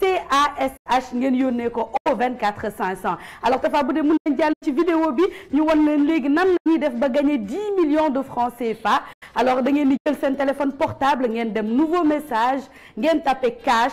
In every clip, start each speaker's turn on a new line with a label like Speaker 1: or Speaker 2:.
Speaker 1: CASH ngén yónnee ko au 24 500 alors Tafa vous avez mën nañ ci vidéo bi ñu gagné leen nan ni def ba gagner 10 millions de francs CFA alors vous avez jël téléphone portable ngén dem nouveau message avez tapé cash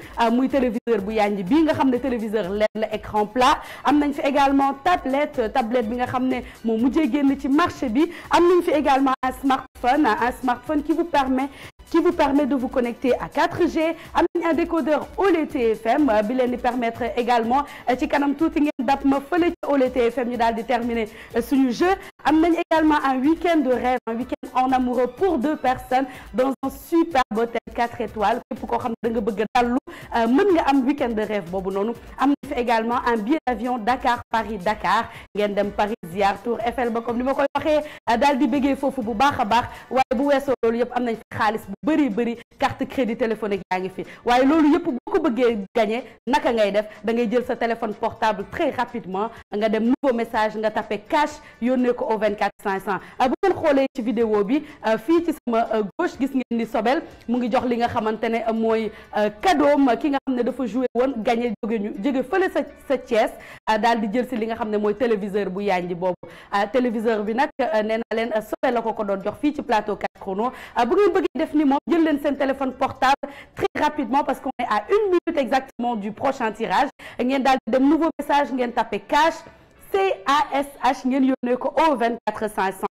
Speaker 1: Ah, un téléviseur bu un téléviseur écran plat am également tablette tablette bi nga marché également un smartphone un smartphone qui vous permet qui vous permet de vous connecter à 4G am un décodeur OLED TFM euh, bi permet également euh, de euh, jeu Amène également un week-end de rêve un week-end en amoureux pour deux personnes dans un superbe hôtel 4 étoiles Pour euh, week-end de rêve amène également un billet d'avion Dakar Paris Dakar Gendem Paris ziar tour Eiffel comme nous. Euh, a bu crédit téléphone portable très rapidement nga nouveaux nouveau message cash au 24 500 euh, bu ngeen xoolee ci vidéo bi euh, fi ci sama euh, gauche gis ngeen ni Sobel mu ngi jox li nga xamantene moy mooy cadeau ki nga xamne dafa jouer won gagner jóge ñu jóge fële sa sa Thiès dal di jël ci li nga xamne moy téléviseur bu yaañ boobu téléviseur bi nag nee len leen Sobel lako ko doon jox fi ci plateau 4 chrono bu ngeen bëgg def ni mom jël len sen téléphone portable très rapidement parce qu'on est à une minute exactement du prochain tirage ngeen dal de dem nouveau message ngeen taper cash CASH ngeen yónnee ko au 24 500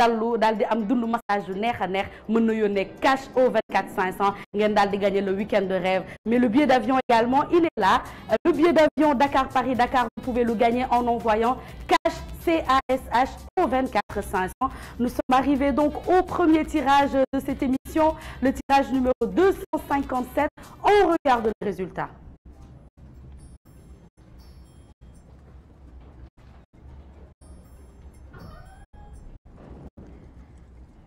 Speaker 1: D'Alou, daldi am dundu massage yu cash au 24 500 ngeen gagner le week-end de rêve mais le billet d'avion également il est là le billet d'avion Dakar Paris Dakar vous pouvez le gagner en envoyant cash CASH au 24 500 nous sommes arrivés donc au premier tirage de cette émission le tirage numéro 257 on regarde le résultat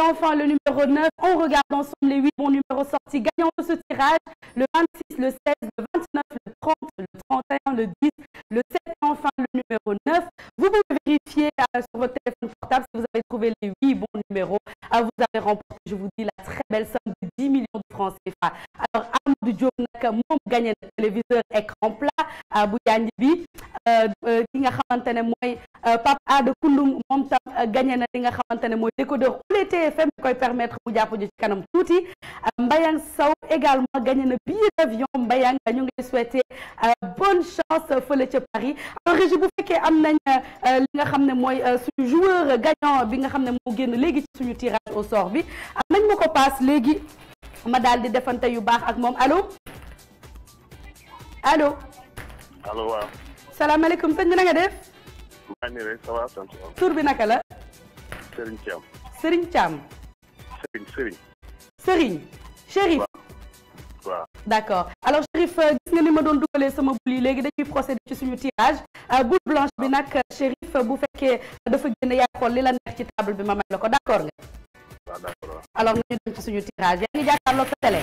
Speaker 1: Et enfin, le numéro 9, on regarde ensemble les 8 bons numéros sortis gagnants de ce tirage. Le 26, le 16, le 29, le 30, le 31, le 10, le 7 et enfin le numéro 9. Vous pouvez vérifier euh, sur votre téléphone portable si vous avez trouvé les 8 bons numéros. vous avez remporté, je vous dis, la très belle somme de 10 millions de francs CFA. Alors, Amadou Diop mon gagné le téléviseur écran plat bu Yanji bi euh, euh, ki nga xamante ne mooy euh, Pape Ada Koulum moom tam gagné na li nga xamante ne mooy décodeur OLED TFM da koy permettre mu jàpp ci kanam tuuti Mbayang Sow également gagné na billet d'avion Mbayang ñu ngi souhaiter bonne chance fële ca Paris alors Régis bu fekkee am nañ li nga xam ne mooy suñu joueur gagnant bi nga xam ne génn léegi ci suñu tirage au sort bi nañ ma ko paas léegi ma daal di defante yu baax ak moom allo allo allo waaw. salaamaaleykum sëñ bi na nga def.
Speaker 2: maa ngi nii rek ça va sant.
Speaker 1: tur bi naka la. Serigne Thiam. Serigne Thiam. Serigne Serigne. Serigne. Chérif. waaw d' accord alors Chérif euh, gis nga ni ma doon dugalee sama bul yi léegi dañuy procéder ci suñu tirage euh, boule blanche bi nag euh, Chérif bu fekkee dafa génn yaa xool li la neex ci table bi ma may la ko d' accord nga. waaw d' accord alors nga ñu dem ci suñu tirage yaa ngi jàkkaarloo sa télé.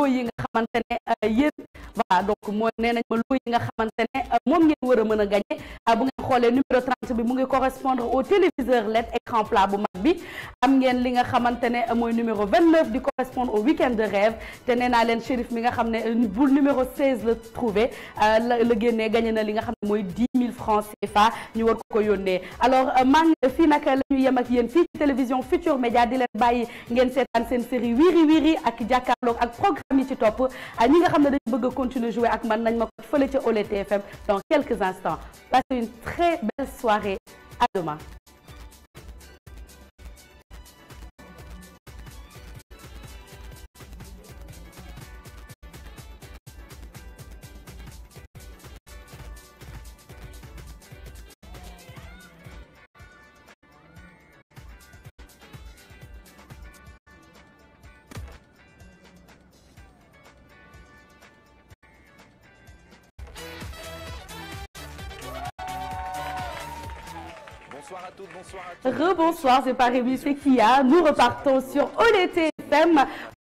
Speaker 1: loo yi nga xamante euh, donc mooy nee ma loo yi nga xamante euh, ngeen war a mën euh, bu ngeen xoolee numéro 30 bi mu ngi correspondre au téléviseur LED écran plat bu mag bi am ngeen li nga xamantene moy numéro 29 di correspondre au weekend de rêve té nee len leen shérif mi nga xamné ne bu numéro 16 le trouver le la génnee gagné na li nga xamné moy mooy 10 000 francs CFA ñu war ko ko alors maa fi nak lañu la yem ak yeen fi télévision future Média di leen bayyi ngeen sétane sen série wiri wiri ak jakarlo ak programme ñi ci topp ah, ñi nga xamné dañu bëgg continuer jouer ak man nañ ma feulé ci OLTFM dans quelques instants passez une très belle soirée à demain Bonsoir à toutes, bonsoir à tous. Rebonsoir, c'est pas Rémi, c'est Kia. Nous repartons sur OLT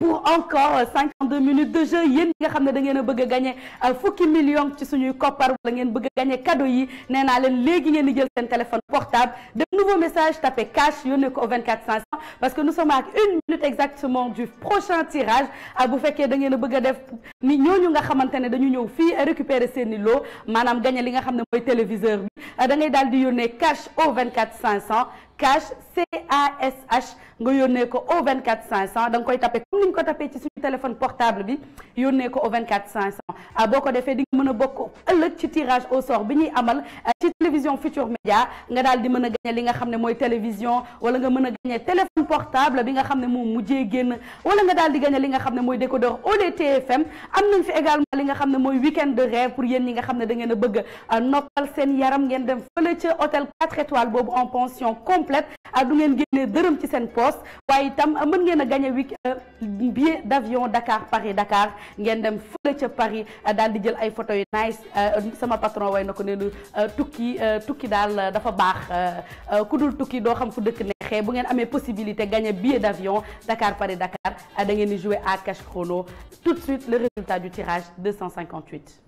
Speaker 1: pour encore 5 32 minutes de jeu yéen nga xam da ngeen a bëgg a gagné euh, fukki million ci suñuy copar wala ngeen bëgg gagner cadeau yi Néna naa leen léegi ngeen di jël téléphone portable de nouveau message tapé cash yónnee ko au 24 500 parce que nous sommes à une minute exactement du prochain tirage ah, bu féké da ngeen a bëgg def ni ñooñu nga xamante dañu ñëw fi récupérer sen i lot maanaam gagné li nga xam moy téléviseur bi ah, da ngay daal di yónnee cash au 24 500 cash C h nga yónnee ko au 24 500 koy tapé comme niñ ko tapé ci suñu téléphone portable bi yónnee ko au 24 500 boko boo di nga boko a bokk ci tirage au sort bi amal euh, ci télévision Futur Média nga daal di mën a li nga xamné moy télévision wala nga mën a téléphone portable bi nga xamné ne mujjé mujjee génn wala nga daal di gagné li nga xamné moy décodeur OLTFM am nañ fi également li nga xamné moy week-end de rêve pour yeen ñi nga xamné da ngeen bëgg euh, noppal seen yaram ngeen dem fële ci hôtel 4 étoiles bobu en pension complète complète ak ah, du ngeen génnee dërëm ci sen poste waye tam ah, mën ngeen a week ah, billet d'avion Dakar Paris Dakar ngeen dem feulé ci Paris dal di jël ay photo yu nice sama patron way nako ko tukki tukki dal dafa bax kudul tukki do xam fu dëkk nexé bu ngeen amé possibilité gagner billet d'avion Dakar Paris Dakar da ngeen jouer à cash chrono tout de suite le résultat du tirage 258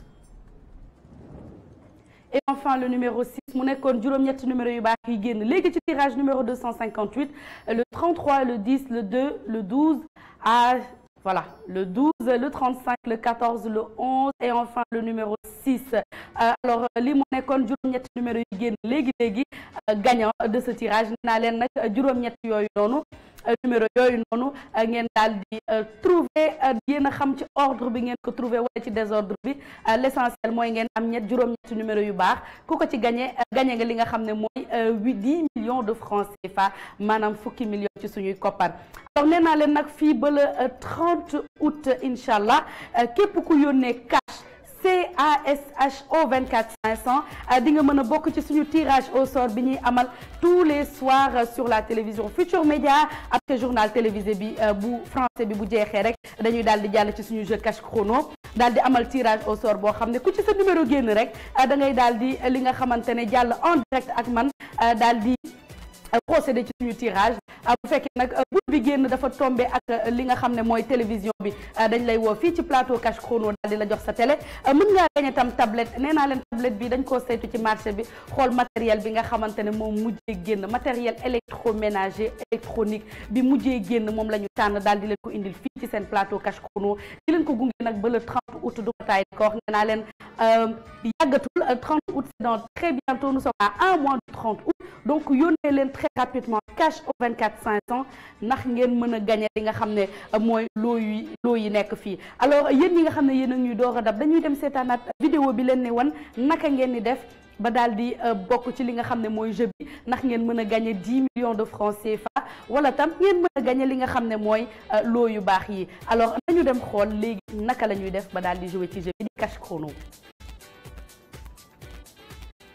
Speaker 1: et enfin le numéro 6 mon école numéro yu tirage numéro 258 le 33 le 10 le 2 le 12 voilà le 12 le 35 le 14 le 11 et enfin le numéro 6 euh, alors les mon du du numéro yu euh, gagnant de ce tirage du euh, numéro yoy nonou euh, ngén daal di euh, trouver yéen xam ci ordre bi ngén ko trouver wala ci désordre bi l'essentiel moy ngén am ñett juróom-ñetti numéro yu bax ku ko ci gagner gagner nga li nga xamné moy mooy millions de francs CFA manam fukki millions ci suñuy copar alors nee len nak fi beul 30 août inshallah képp ku yónnee CASHO 24 500 di nga mën a ci suñu tirage au sort bi ñuy amal tous les soirs euh, sur la télévision Future Media après journal télévisé bi euh, bu français bi bu jeexee rek dañuy daal di jàll ci suñu jeu cash chrono daal di amal tirage au sort boo xam ne ku ci sa numéro génn rek euh, da ngay daal di li nga en direct ak man daal procédé ci ñu tirage ah, bu fekkee nak bul euh, bi génn dafa tomber ak euh, li nga xam moy télévision bi ah, dañ lay wo fi ci plateau Cash Chrono dal di la jox sa télé ah, mën ngaa gagné tam tablette néna len tablette bi dañ ko saytu ci marché bi xol matériel bi nga xamantene mom mujjé mujjee génn matériel électroménager électronique bi mujjé génn mom la ñu dal daal di leen ko indil fi ci sen plateau Cash Chrono di leen ko gungé nak ba le 30 août du kotaay ko wax néna len euh yagatul 30 euh, août c'est dans très bientôt nous sommes à un mois du 30 août donc yónnee leen très rapidement cash au 24 500 ndax ngeen mën a li nga xam ne yi alors yéen ñi nga xamné yeen a ñuy door dab dañuy dem seetaanaat vidéo bi leen ne wan naka ngeen ni def ba daldi di euh, ci li nga xamné moy jeu bi nak ngeen mën gagner 10 millions de francs CFA wala tam ngeen mën a li nga xamné moy mooy euh, yu bax yi alors nañu dem xol légui naka lañuy def ba daldi jouer ci jeu bi di cash chrono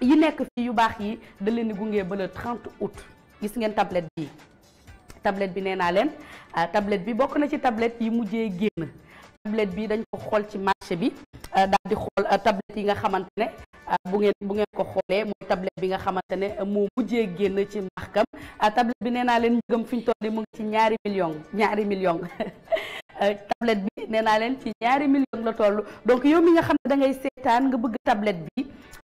Speaker 1: yi nekk fii yu baax yi da leen di gunge ba le 30 août gis ngeen tablet bi tablet bi nee naa leen ah, tablette bi bokk na ci tablette yi mujjee génn tablette bi dañ ko xool ci marché bi ah, di xool ah, yi nga xamante ne bu ngeen bu ngeen ko xoolee mooy tablette bi nga xamante ne moo mujjee génn ci markam tablette bi nee naa leen njëgam fi ñu toll mu ci ñaari million ñaari million tablette bi nee naa leen ci ñaari million la toll donc yow mi nga xam ne da seetaan nga bëgg tablette bi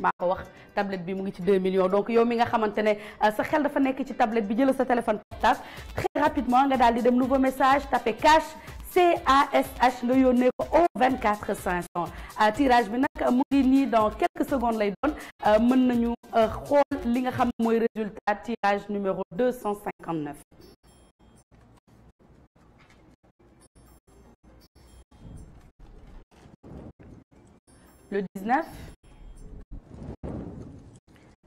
Speaker 1: maa wax tablette bi mu ngi ci 2 millions donc yow mi nga xamantene euh, sa xel dafa nek ci tablette bi jëlal sa téléphone tas très rapidement nga daal di dem nouveau message Tape cash c a nga h ko au 24 500 euh, tirage bi nak mu ngi ni dans quelques secondes lay donne. Euh, meun nañu xol li nga xam moy résultat tirage numéro 259. le 19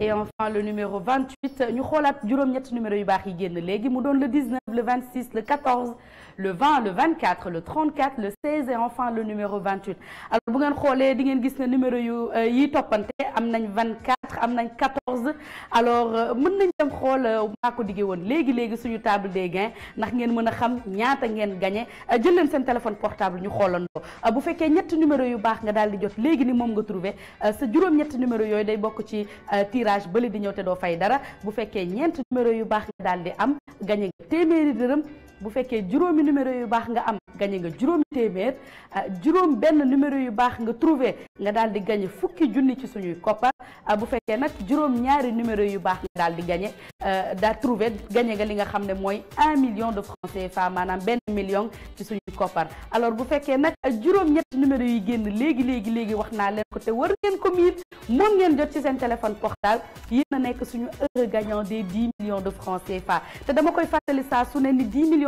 Speaker 1: et enfin le numéro 28 nous avons le numéro yu yi génn le 19 le 26 le 14 le 20 le 24 le 34 le 16 et enfin le numéro 28 alors bu ngeen le di numéro yu euh, yi 24 am nañ 14 alors euh, mën nañ dem xool euh, maa ko diggee woon léegi léegi suñu table des gains ndax ngeen mën a xam ñaata ngeen gagné euh, jël leen seen téléphone portable ñu xoolandoo bu fekkee ñetti numéro yu baax nga daal di jot léegi nii moom nga trouvé sa juróom-ñetti numéro yooyu day bokk ci tirage bale di ñëw te doo fay dara bu fekkee ñeent numéro yu baax nga daal di am gagné nga téeméeri dërëm bu fekkee juróomi numéro yu baax nga am gagné nga juróomi téeméer ah, juróom benn numéro yu baax nga trouvé nga daal di gagné fukki junni ci suñuy koppar ah, bu fekkee nak juróom ñaari numéro yu baax nga daal di gagné ah, daa trouvé gagné nga li nga xam ne mooy un million de francs CFA maanaam benn million ci suñuy koppar alors bu fekkee nak juróom ñetti numéro yu génn léegi léegi léegi wax naa leen ko te war ngeen ko miir moom ngeen jot ci seen téléphone portable yéen a nekk suñu heureux gagnant des 10 millions de francs CFA te dama koy fàttali saa su ne ni 10 millions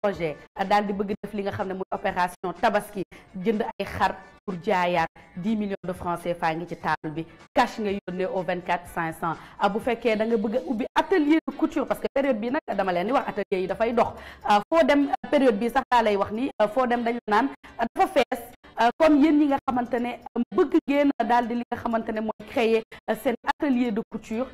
Speaker 1: projet dal di bëgg def li nga xamné opération tabaski jënd ay xar pour jaayar 10 millions de francs CFA ngi ci table bi cash nga yónnee au 24 500 ah, bu féké da nga bëgg ubi atelier de couture parce que période bi nak dama leen di wax atelier yi fay dox ah, fo dem période bi sax la lay wax ni ah, fo dem dañu naan dafa fess euh, comme vous ñi nga euh, créer euh, atelier de couture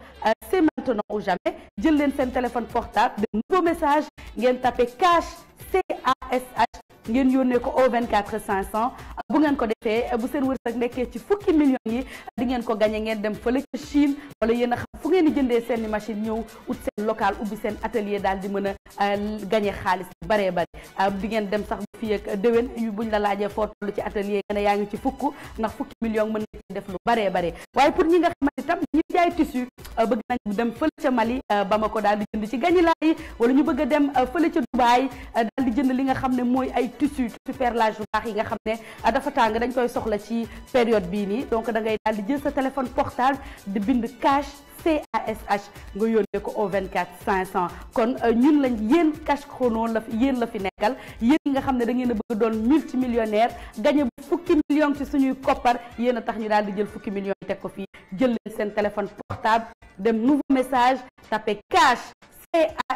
Speaker 1: c'est maintenant ou jamais jël leen un téléphone portable de nouveaux messages ngeen taper cash C A S H ngeen yónnee ko au 24 500 bu ngeen ko defee bu seen wërsëg nekkee ci fukki millions yi di ngeen ko gañe ngeen dem fële ca Chine wala yéen a xam seen local ubbi seen atelier daal di euh, baree bari euh, di ngeen dem sax bu fi ak déwén buñ la laajee foo toll ci atelier nga ne yaa ngi ci fukk ndax fukki millions mën nga ci def lu baree bare waaye pour ñi nga xamante tam ñi jaay tissu euh, bëgg nañ dem fële ca Mali Bamako daal di jënd ci gañi laay wala ñu bëgg a dem fële ca Dubaï daal jënd li nga xam ne mooy ay tissu superlage bu faire la nga xam ne dafa tang dañ koy soxla ci période bi ni donc da ngay dal di jël sa téléphone portable de bind cash CASH nga yónnee ko au 24 500 kon euh, ñun lañ yeen cash chrono la yeen la fi nekkal yeen nga xamné da ngeen bëgg doon multimillionnaire gagner fukki millions ci suñuy koppar yeen tax ñu dal di jël fukki millions tek ko fi jël sen téléphone portable dem nouveau message Tape cash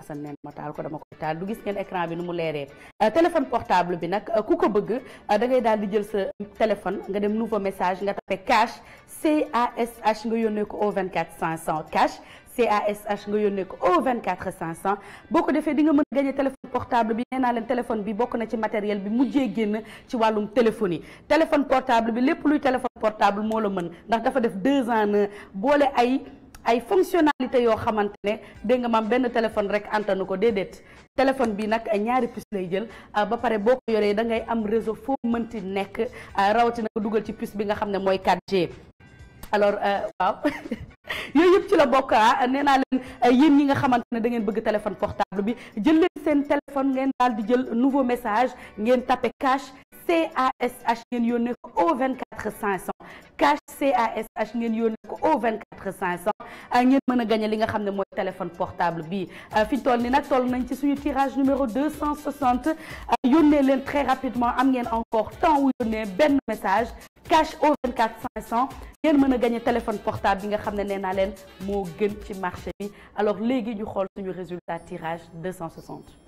Speaker 1: Assane neen ma taal ko dama ko taal du gis ngeen écran bi nu mu leeree euh, téléphone portable bi nag euh, ku ko bëgg euh, da ngay daal di jël sa téléphone nga dem nouveau message nga tapé cash c a s h nga yónnee ko au 24 500 cash cash nga yónnee ko au 24 500 boo ko defee di nga mën a gagné téléphone portable bi nee naa leen téléphone bi bokk na ci matériel bi mujjee génn ci wàllum téléphonie téléphone portable bi lépp luy téléphone portable moo la mën ndax dafa def deux ans boole ay ay fonctionnalité yoo xamante ne dégg nga maam benn téléphone rek antanu ko déedéet téléphone bi nag a ñaari puce lay jël ah, ba pare boo ko yoree da ngay am réseau foo mënti nekk ah, rawatina ko dugal ci puce bi nga xam ne mooy 4G alors euh, waaw yooyu yëpp ci la bokk ah nee naa leen yéen ñi nga xamante ne da ngeen bëgg téléphone portable bi jël leen seen téléphone ngeen daal di jël nouveau message ngeen tapé cash CASH ngeen au 24 500 cash CASH ngeen au 24 euh, a li nga téléphone portable bi euh, fi toll ni toll tirage numéro 260 euh, très rapidement am encore temps message cash au 24500 a téléphone portable bi nga gën ci marché bi alors légui ñu suñu résultat tirage 260.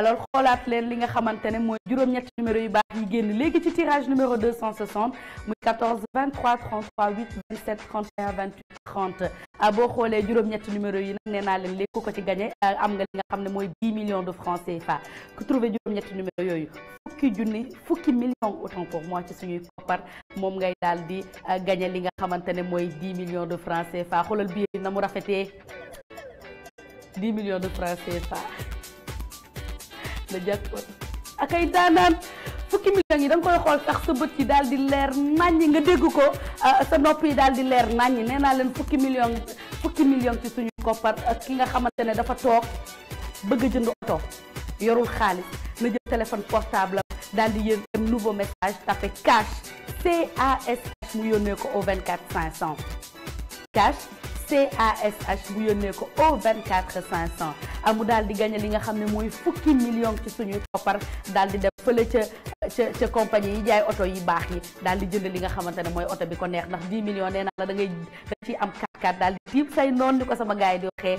Speaker 1: alors xoolaat leen li nga moi, ne mooy numéro yu baax yi génn léegi ci tirage numéro 260 muy 14 23 33 8 17, 31 28 30 boo xoolee juróom-ñetti numéro yi nag nee naa leen ko ci gagné ah, am nga li 10 millions de francs CFA Que trouvé juróom-ñetti numéro yooyu fukki junni fukki millions autant pour moi ci suñuy koppar moom ngay daal di ah, gagné li nga 10 millions de francs CFA xoolal bii na mu rafetee 10 millions de francs CFA. le jackpot ak ay daanaan fukki millions yi da nga koy xool sax sa bët yi daal di leer naññi nga dégg ko ah, sa nopp yi daal di leer naññi nee naa leen fukki million fukki millions ci suñu koppar ak ki nga xamante ne dafa toog bëgg a jënd oto yorul xaalis na jël téléphone portable daal di yéen dem nouveau message tapé cash C A S H mu yónnee ko au 24 500 cash. CASH bu yónnee ko au 24 500 amu daal di gagné li nga xam ne mooy fukki million ci suñuy koppar daal di def fële ca ca compagnie yi jaay oto yi baax yi daal di jënd li nga xamante ne mooy oto bi ko neex ndax 10 millions nee la da ngay da ciy am 4 4 daal di tiib say noonu ni ko sama gars di waxee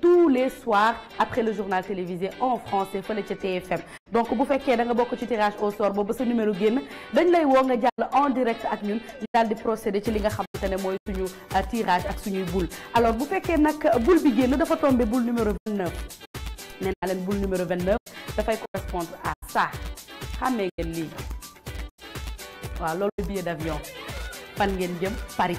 Speaker 1: tous les soirs après le journal télévisé en français sur le TFM donc vous faites da nga tirage au sort Vous ba sa numéro de dañ lay woo nga en direct avec nous. vous avez di procéder ci li nga euh, tirage ak suñuy boule alors vous faites un boule bi devons dafa tombé boule numéro 29 nee boule numéro 29 fait correspondre à ça xàmmee ngeen lii billet d'avion fan ngeen jëm Paris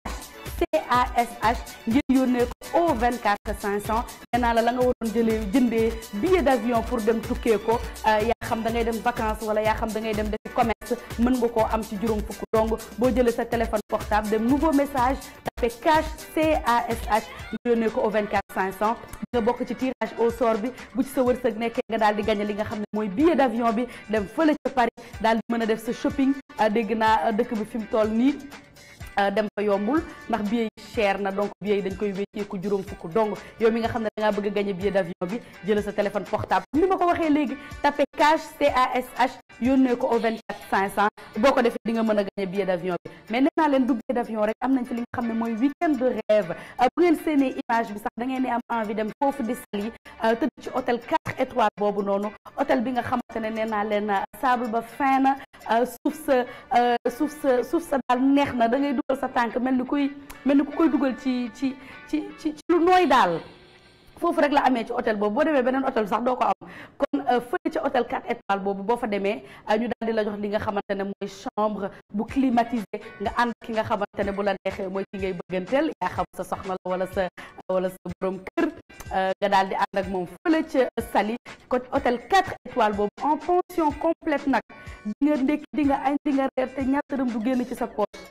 Speaker 1: CASH ngir au 24 500 la langue, nga waroon jëlee jëndee billet d'avion pour dem tukkee euh, ya xam da ngay dem vacances wala ya xam da ngay dem def commerce mën nga koo am ci juróom fukk dong boo jëlee sa téléphone portable dem nouveau message tapé cash CASH nga yónnee ko au 24 500 nga bokk ci tirage au sort bi bu ci sa wërsëg nekkee nga daal di gagner li nga xam ne mooy billet d'avion bi dem fële ci Paris dal di mën def sa shopping euh, dégg naa euh, dëkk bi fim toll Euh, dem fa yombul ndax billet yi cher na donc billet yi dañ koy wécceeku juróom fukk donc yow mi nga xam ne da ngaa bëgg a gagné billet d'avion bi jëla sa téléphone portable ni ma boo ko defee di nga mën a bi mais nee leen du billet d'avion rek am nañ nga xam ne mooy weekend de rêve euh, bu sax da ngeen ne am envie dem foofu di Saly euh, tëdd boobu noonu hôtel bi nga xamante ne nee naa leen sable ba fin na suuf sa suuf sa suuf sa daal neex na da ngay sa tànk mel ni kuy mel ni ku koy dugal ci ci ci ci lu nooy daal foofu rek la amee ci hôtel boobu boo demee beneen hôtel sax doo ko am kon euh, fële ca hôtel boobu boo fa demee euh, ñu daal di la jox li nga xamante ne mooy chambre bu climatisé nga ànd ki nga xamante ne bu la neexee mooy ki ngay bëgganteel yaa xam sa soxna la wala sa wala sa borom kër euh, nga dal di ànd ak moom fële ca Saly kon hôtel 4 étoiles boobu en pension complète nag di nga ndékki di nga añ di nga reer te ñattaram du génn ci sa poche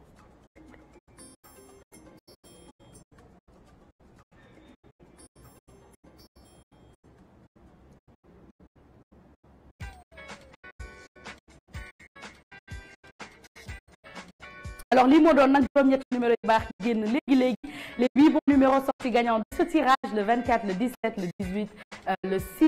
Speaker 1: alors les mots premier numéro de Barkin les huit bons numéros sortis gagnants de ce tirage le 24 le 17 le 18 euh, le 6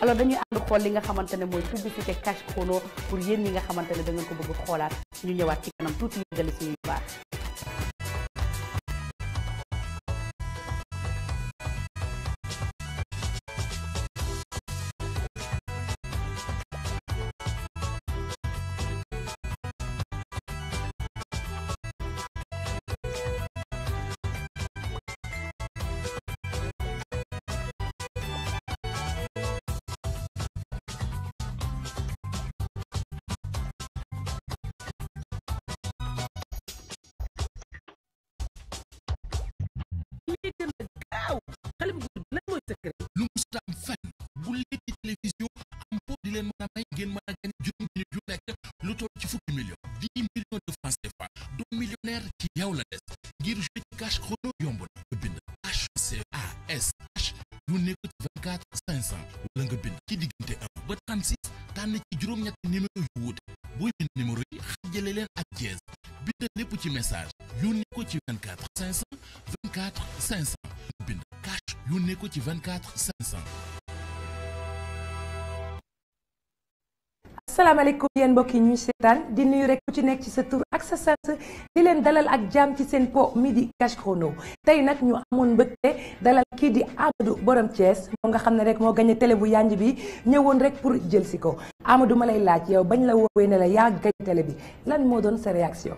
Speaker 1: alors dañuy ànd xool li nga xamante ne mooy publicité cash chrono pour yéen ñi nga xamante ne da ngeen ko bëgg xoolaat ñu ñëwaat ci kanam tuuti yëgale
Speaker 2: suñuy baax خلي بنقول ko ci 24 500. asalaamaaleykum yéen mbokk ñuy seetaan di nuyu rek ku ci nekk ci sa tur ak sa sant di leen dalal ak jàmm ci seen po midi cash chrono tey nag ñu amoon mbëgte dalal kii di Amadou borom Thiès moo nga xam ne rek moo gagné tele bu yanj bi ñëwoon rek pour jël si ko Amadou ma lay laaj yow bañ la woowee ne la yaa gagné télé bi lan moo doon sa réaction.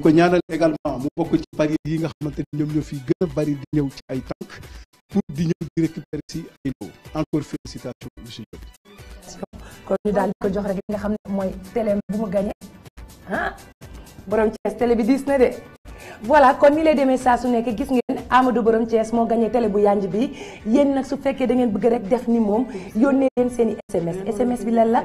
Speaker 2: ko ñaanal également mu bokk ci pari yi nga xamanteni ñom ñofi gëna bari di ñew ci ay tank pour di ñew di récupérer ci ay ndaw encore félicitations monsieur Diop kon ñu dal ko jox rek nga xamne moy télé bu mu gagné hein ah, borom ci télé bi dis na dé voilà kon ni lay démé sa su nekk gis ngeen Amadou Borom Thiès mo gagné télé bu yanj bi yeen nak su féké da ngeen bëgg rek def ni mom yonné leen seen SMS SMS bi lan la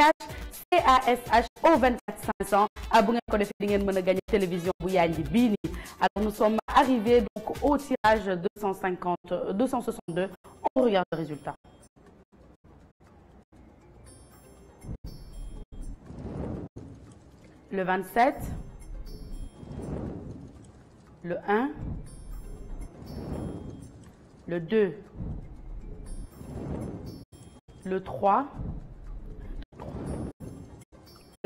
Speaker 1: cash au 24 500 abonnez-vous ko télévision bu alors nous sommes arrivés donc au tirage 250 262 on regarde le résultat le 27 le 1 le 2 le 3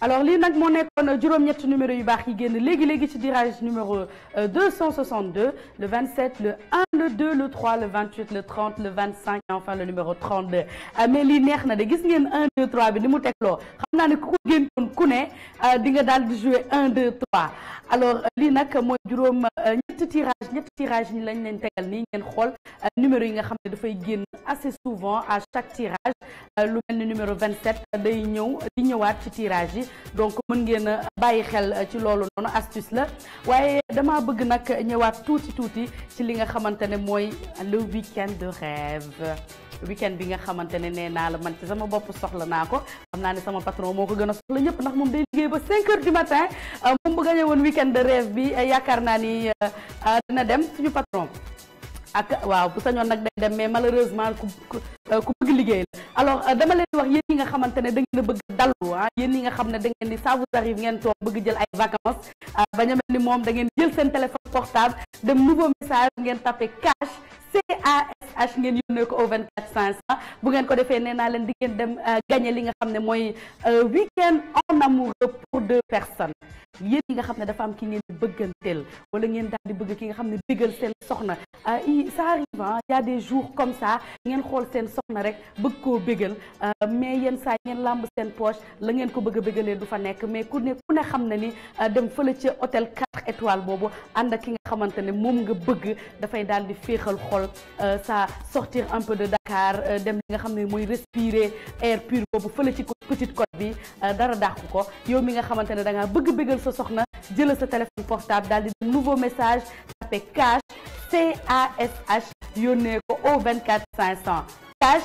Speaker 1: alors les nag moo nekkoon numéro yu tirage numéro 262 euh, le 27 le 1 le 2 le 3 le 28 le 30 le 25 enfin le numéro 32 mais lii de gis ngeen 1 2 3 bi ni mu tegloo xam naa ne ku géntoon ku ne euh, di nga di jouer 1 2 3 alors euh, li nak mooy juróom euh, ñetti tirage ñetti tirage ni lañ leen tegal ni, ngeen xool numéro yi nga xam ne fay génn assez souvent à chaque tirage lu mel numéro 27 day ñëw di ñëwaat ci tirage yi donc mën ngeen a bàyyi xel ci loolu noonu astuce la waaye dama bëgg nak ñëwaat touti touti, ci li nga xamante ne mooy le week-end de rêve week bi nga xamante ne nee naa la man ci sama bopp soxla naa ko xam naa ne sama patron moo ko gën a soxla ñëpp ndax moom day liggéey ba 5 heures du matin euh, moom bu gañe woon week de rêve bi yaakaar naa ni euh, dina dem suñu patron ak waaw bu sañoon nag day dem mais malheureusement ku ku bëgg liggéey la alors dama leen wax yéen ñi ah yéen ñi nga xam ne da ngeen di ça vous arrive ngeen toog bëgg jël ay vacances ba ñu mel téléphone portable dem nouveau message ngeen tapé cash CASH ngeen yónnee ko au 24 500 bu ngeen ko defee nee naa leen di ngeen dem euh, gagné li nga xam ne mooy euh, week-end en amoureux pour deux personnes yéen yi nga xam ne dafa am ki ngeen bëgganteel wala ngeen daal di bëgg ki nga xam ne bëggal seen soxna euh, ça arrive ah y des jours comme ça ngeen xool seen soxna rek bëgg koo bëggal mais yenn saa ngeen làmb seen poche la ngeen ko bëgg a bëggalee du fa nekk mais ku ne ku ne xam na ni dem fële ca hôtel 4 étoiles boobu ànd ak ki nga xamante ne moom nga bëgg dafay daal di féexal xol Euh, ça sortir un peu de Dakar euh, dem nga respirer air pur pour faire ci petite côte bi euh, dara dakh ko yow mi nga da téléphone portable dal di nouveau message tapé cash C A S H au 24 500 cash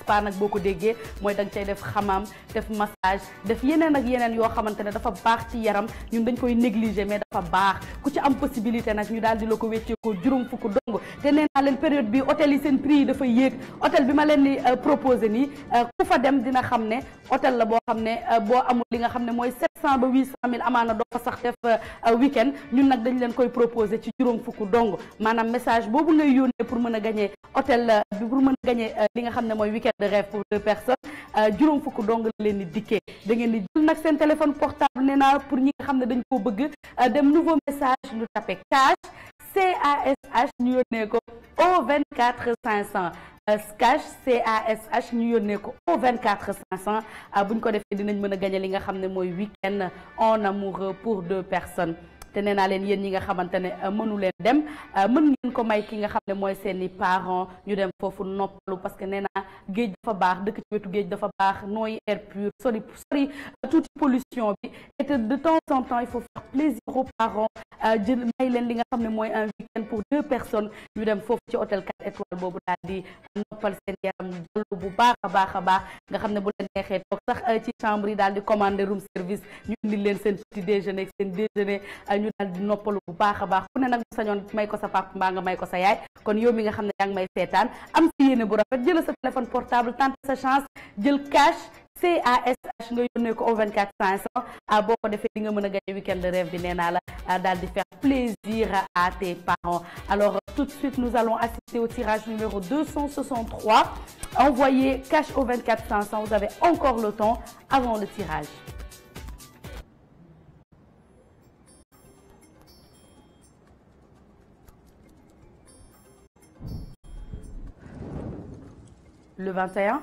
Speaker 1: spa nag boo ko déggee mooy danga cay def xamaam def massage def yeneen ak yeneen yoo xamante dafa baax ci yaram ñun dañ koy négliger mais dafa baax ku ci am possibilité nag ñu daal di la ko wéccee ko juróom fukk dong te nee naa leen période euh, nii euh, ku fa dem dina xam ne hôtel la boo xam ne euh, boo amul li nga xam ne mooy ba 800 amaana doo sax def weekend ñun nag dañ leen koy proposé ci juróom fukk dong maanaam message boobu ngay yónnee pour mën a gagné hôtel bi pour a de rêve pour deux personnes il faut que leen vous dikkee da ngeen un téléphone portable pour ñi nga un euh, nouveau message nous tapé cash au 24 500 cash CASH ñu au 24 500 Vous avez ko un euh, gagné week-end en amoureux pour deux personnes te nee naa leen yéen ñi nga xamantene euh, mënu leen dem euh, mën ngeen ko may ki nga xam moy mooy seeni parents ñu dem fofu noppalu parce que nee geej dafa baax dëkk ci wetu geej dafa baax noy air pur sori sori euh, toute pollution bi et de temps en temps il faut faire plaisir aux parents jël may leen li nga xam moy un week-end pour deux personnes ñu dem fofu ci hôtel 4 étoiles bobu daal di noppal seen yaram baax a baax a baax nga xam ne bu la neexee toog sax euh, ci chambre daal di commander room service ñu indi leen seen petit déjeuner seen euh, ñu daal di noppalu bu baax a baax ku ne nag bu sañoon may ko sa papa mbaa nga may ko sa yaay kon yow mi nga xam ne yaa ngi may seetaan am si yéene bu rafet jël sa téléphone portable tenter sa chance jël cash CASH nga yónnee ko au 24 500 ah boo nga de rêve bi ah, faire plaisir à tes parents alors euh, tout de suite nous allons assister au tirage numéro 263 envoyez cash au 24500, vous avez encore le temps avant le tirage. Le 21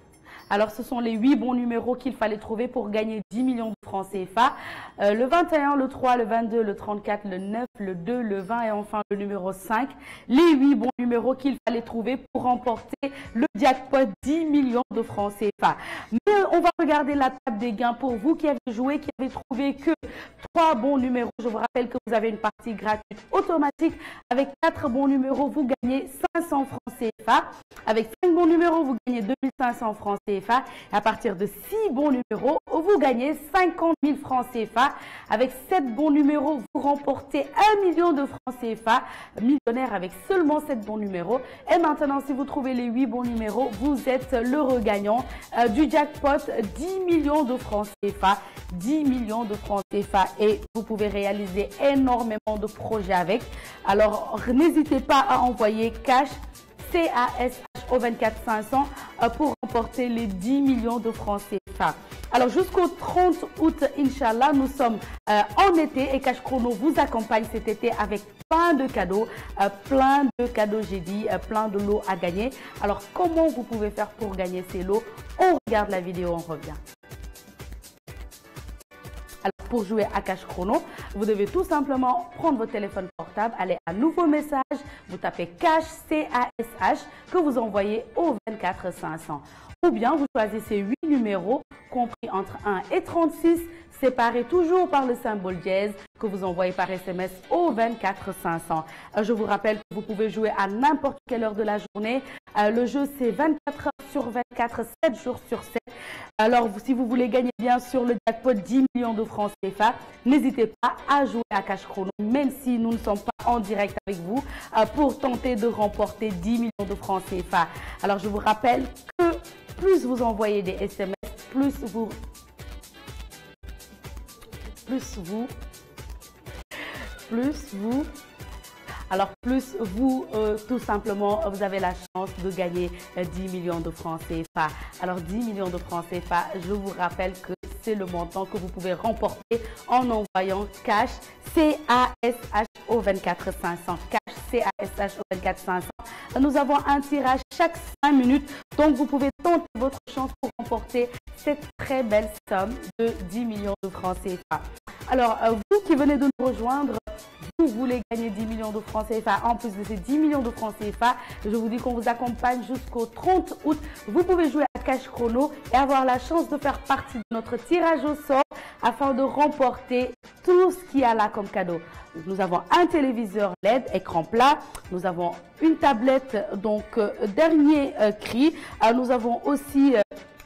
Speaker 1: Alors, ce sont les 8 bons numéros qu'il fallait trouver pour gagner 10 millions de francs CFA. Euh, le 21, le 3, le 22, le 34, le 9, le 2, le 20 et enfin le numéro 5. Les 8 bons numéros qu'il fallait trouver pour remporter le jackpot 10 millions de francs CFA. Mais on va regarder la table des gains pour vous qui avez joué, qui avez trouvé que trois bons numéros. Je vous rappelle que vous avez une partie gratuite automatique. Avec quatre bons numéros, vous gagnez 500 francs CFA. Avec cinq bons numéros, vous gagnez 2500 francs CFA. À partir de six bons numéros, vous gagnez 50 000 francs CFA. Avec 7 bons numéros, vous remportez 1 million de francs CFA. Millionnaire avec seulement 7 bons numéros. Et maintenant, si vous trouvez les 8 bons numéros, vous êtes le regagnant euh, du jackpot 10 millions de francs CFA. 10 millions de francs CFA et vous pouvez réaliser énormément de projets avec. Alors, n'hésitez pas à envoyer cash c a CASH au 24 500 euh, pour remporter les 10 millions de francs CFA. Alors jusqu'au 30 août, Inch'Allah, nous sommes euh, en été et Cash Chrono vous accompagne cet été avec plein de cadeaux, euh, plein de cadeaux j'ai dit, plein de lots à gagner. Alors comment vous pouvez faire pour gagner ces lots On regarde la vidéo, on revient. Alors pour jouer à cache Chrono, vous devez tout simplement prendre votre téléphone portable, aller à Nouveau Message, vous tapez Cash C-A-S-H que vous envoyez au 24 500. Ou bien vous choisissez 8 numéros compris entre 1 et 36 séparés toujours par le symbole dièse que vous envoyez par SMS au 24 500. Euh, je vous rappelle que vous pouvez jouer à n'importe quelle heure de la journée. Euh, le jeu c'est 24 sur 24, 7 jours sur 7. Alors, si vous voulez gagner bien sur le jackpot 10 millions de francs CFA, n'hésitez pas à jouer à Cash Chrono, même si nous ne sommes pas en direct avec vous, euh, pour tenter de remporter 10 millions de francs CFA. Alors, je vous rappelle que plus vous envoyez des SMS, plus vous... Plus vous... Plus vous... Alors plus vous, euh, tout simplement, vous avez la chance de gagner 10 euh, millions de francs CFA. Alors 10 millions de francs CFA, je vous rappelle que c'est le montant que vous pouvez remporter en envoyant cash 24 24500 cash 24 24500. Nous avons un tirage chaque 5 minutes, donc vous pouvez tenter votre chance pour remporter cette très belle somme de 10 millions de francs CFA. Alors, euh, vous qui venez de nous rejoindre, vous voulez gagner 10 millions de francs CFA, en plus de ces 10 millions de francs CFA, je vous dis qu'on vous accompagne jusqu'au 30 août. Vous pouvez jouer à Cash Chrono et avoir la chance de faire partie de notre tirage au sort afin de remporter tout ce qu'il y a là comme cadeau. Nous avons un téléviseur LED, écran plat. Nous avons une tablette, donc euh, dernier euh, cri. Euh, nous avons aussi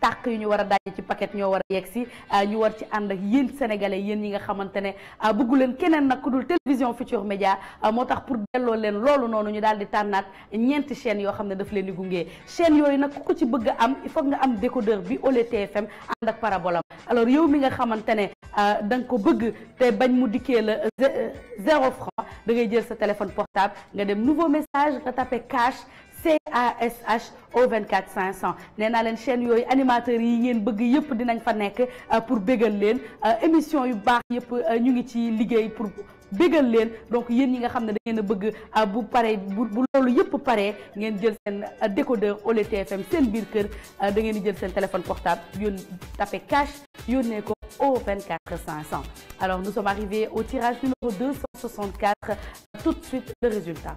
Speaker 1: tàq yu ñu war a daaj ci paquet ñoo war a yegg si euh, ñu war ci ànd ak yéen sénégalais yéen ñi nga xamante ne euh, bëggu leen keneen nag ku dul télévision Futurs média euh, moo tax pour delloo leen loolu noonu ñu daal di tànnaat ñeenti chaînes yoo xam ne daf leen di gunge chaînes yooyu nag ku ko ci bëgg am il faut nga am décodeur bi au TFM ànd ak parabolam alors yow mi nga xamante ne da ko bëgg te bañ mu dikkee la zéro franc da ngay jël sa téléphone portable nga dem nouveau message nga tapé CASH au 24 500 nee naa leen chaîne animatrice qui a ngeen bëgg yëpp dinañ fa nekk euh, pour bégal leen euh, émission yu baax yëpp euh, ñu ngi ci liggéey pour bégal leen donc yéen ñi nga xam ne da ngeen a bëgg bu paree bu bu loolu yëpp ngeen jël seen décodeur OLED TFM seen biir kër da ngeen nous jël seen téléphone portable yóon tapé cash au 24 500 alors nous sommes arrivés au tirage numéro 264 tout de suite le résultat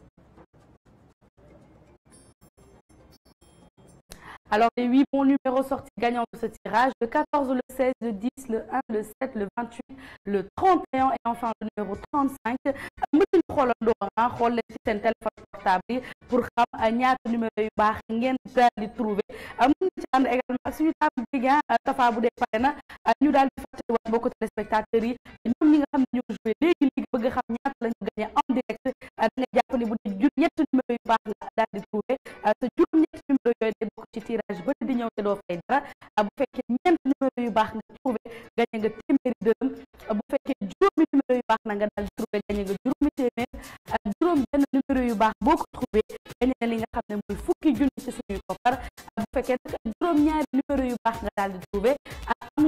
Speaker 1: Alors, les huit bons numéros sortis gagnants de ce tirage, le 14, le 16, le 10, le 1, le 7, le 28, le 31 et enfin le numéro 35. amuñu xoolal doon ah xool leen ci seen téléphone portable pour xam ñaata numéro yu baax ngeen daal di trouver amuñu ci ànd également ak suñu table bi nga Tafa bu dee pare na ñu daal di fàttali waat mbokku téléspectateurs yi ñoom ñi nga xam ne ñoo joué léegi bëgg xam ñaata la ñu en direct da nga jàpp ne bu dee jur numéro yu baax la daal di trouver. ci tirage ba di ñëw te doo fay dara ah, bu fekkee ñeent numéro yu baax nga trouvé gañe nga téeméeri dërëm ah, bu fekkee juróomi numéro yu baax na nga daal di trouvé gañe nga juróomi téeméer ak ah, juróom benn numéro yu baax boo ko trouvé gañe nga li nga xam ne muy fukki junni ci suñuy koppar bu fekkee nag juróom ñaari numéro yu baax nga daal di trouvé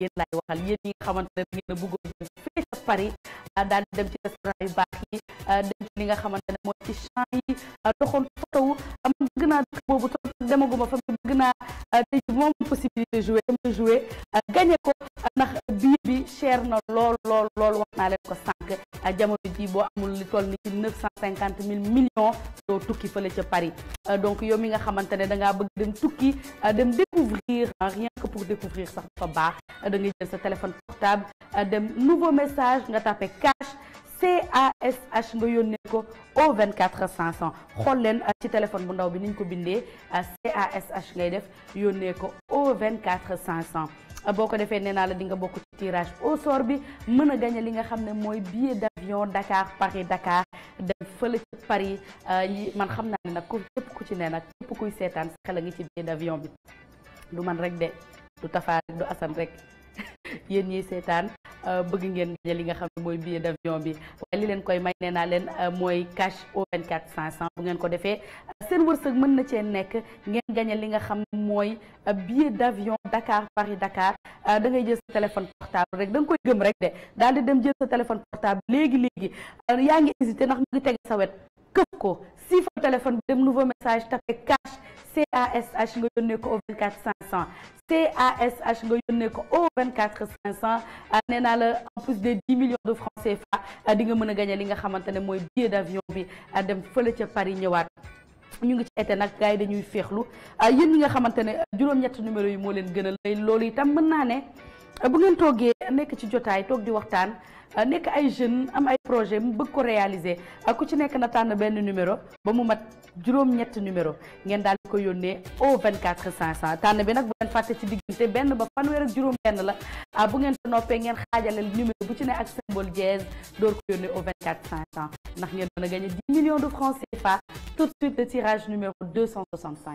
Speaker 1: yenn ay waxal yeen yi nga xamantene ngeen bëggoo ñu fee sa pari daal di dem ci restaurant yu baax yi dem ci li nga xamantene mooy ci champ yi doxoon photo wu am bëgg naa dëkk boobu trop demaguma fa mais bëgg naa tey ci moom possibilité jouer dama jouer gagné ko ndax bii bi cher na lool lool lool wax naa leen ko sànq ak jamono ji amul li toll ni millions doo tukki fele ci Paris euh, donc yow mi nga xamantene da nga bëgg dem tukki euh, dem découvrir hein, rien que pour découvrir sax fa ba euh, da ngay jël sa téléphone portable dem nouveau message nga tapé cash c H nga yonne ko au 24 500 xool leen ci téléphone bu ndaw bi niñ ko s h ngay def yonne ko au 24 500 Ah, boo ko defee nee naa la di nga bokk ci tirage au sort bi mën a gagné li nga xam ne mooy billet d' avion Dakar Paris daka dem fële ca Paris ah, man xam naa ne nag ku képp ku ci ne nag képp kuy seetaan sa xel ngi ci billet d' avion bi du man rek de du Tafa rek du Assane rek. yéen ñiy seetaan euh, bëgg ngeen daje li nga xam ne mooy billet d'avion bi waaye li leen koy may nee naa leen euh, mooy cash au 24 500 bu ngeen ko defee euh, seen wërsëg mën na cee nekk ngeen gagné li nga xam ne mooy billet d'avion Dakar Paris Dakar da ngay jël sa téléphone portable rek da nga koy gëm rek de daal di dem jël sa téléphone portable léegi léegi yaa ngi hésité ndax mu ngi tege sa wet këf ko siifal téléphone bi dem nouveau message tapé cash CASH nga yónnee ko au 24 500 CASH nga yónnee ko au 24 500 euh, nee naa la en plus de 10 millions de francs CFA euh, di nga mën a gagné li nga xamante ne mooy billet d'avion bi euh, dem fële ca Paris ñëwaat. ñu ngi ci été nag gars yi dañuy féexlu yéen ñi nga xamante ne juróom-ñett numéro yi moo leen gën a lay loolu itam mën naa ne. bu ngeen toogee nekk ci di ay am ay projet ko réaliser ku ci nekk na un numéro ba mu mat ñett numéro ngeen ko au 24 500 bi nag bu ngeen fàtte ci diggante benn ba fanweer la ah, bu numéro bu ci ne ak symbole numéro au 24 500 ndax ngeen a 10 millions de francs CFA tout de suite le tirage numéro 265.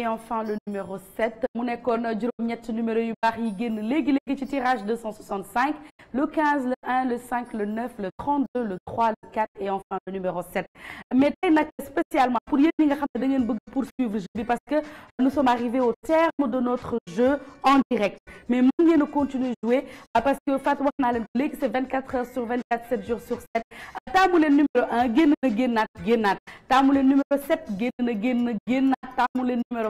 Speaker 1: et enfin le numéro 7 mon école numéro 8 baax yi tirage 265 le 15 le 1 le 5 le 9 le 32 le 3 le 4 et enfin le numéro 7 mais spécialement pour yéen nga poursuivre parce que nous sommes arrivés au terme de notre jeu en direct mais nous continuons de jouer euh, parce que Fatou a c'est 24 heures sur 24 7 jours sur 7 T'as le numéro 1 t'as le numéro 7 génn le numéro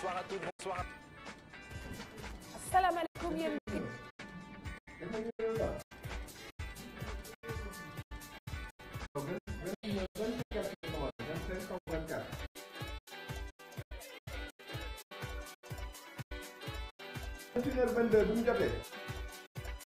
Speaker 2: bonsoir à toutes, bonsoir à tous. السلام عليكم يا مكي Thank you.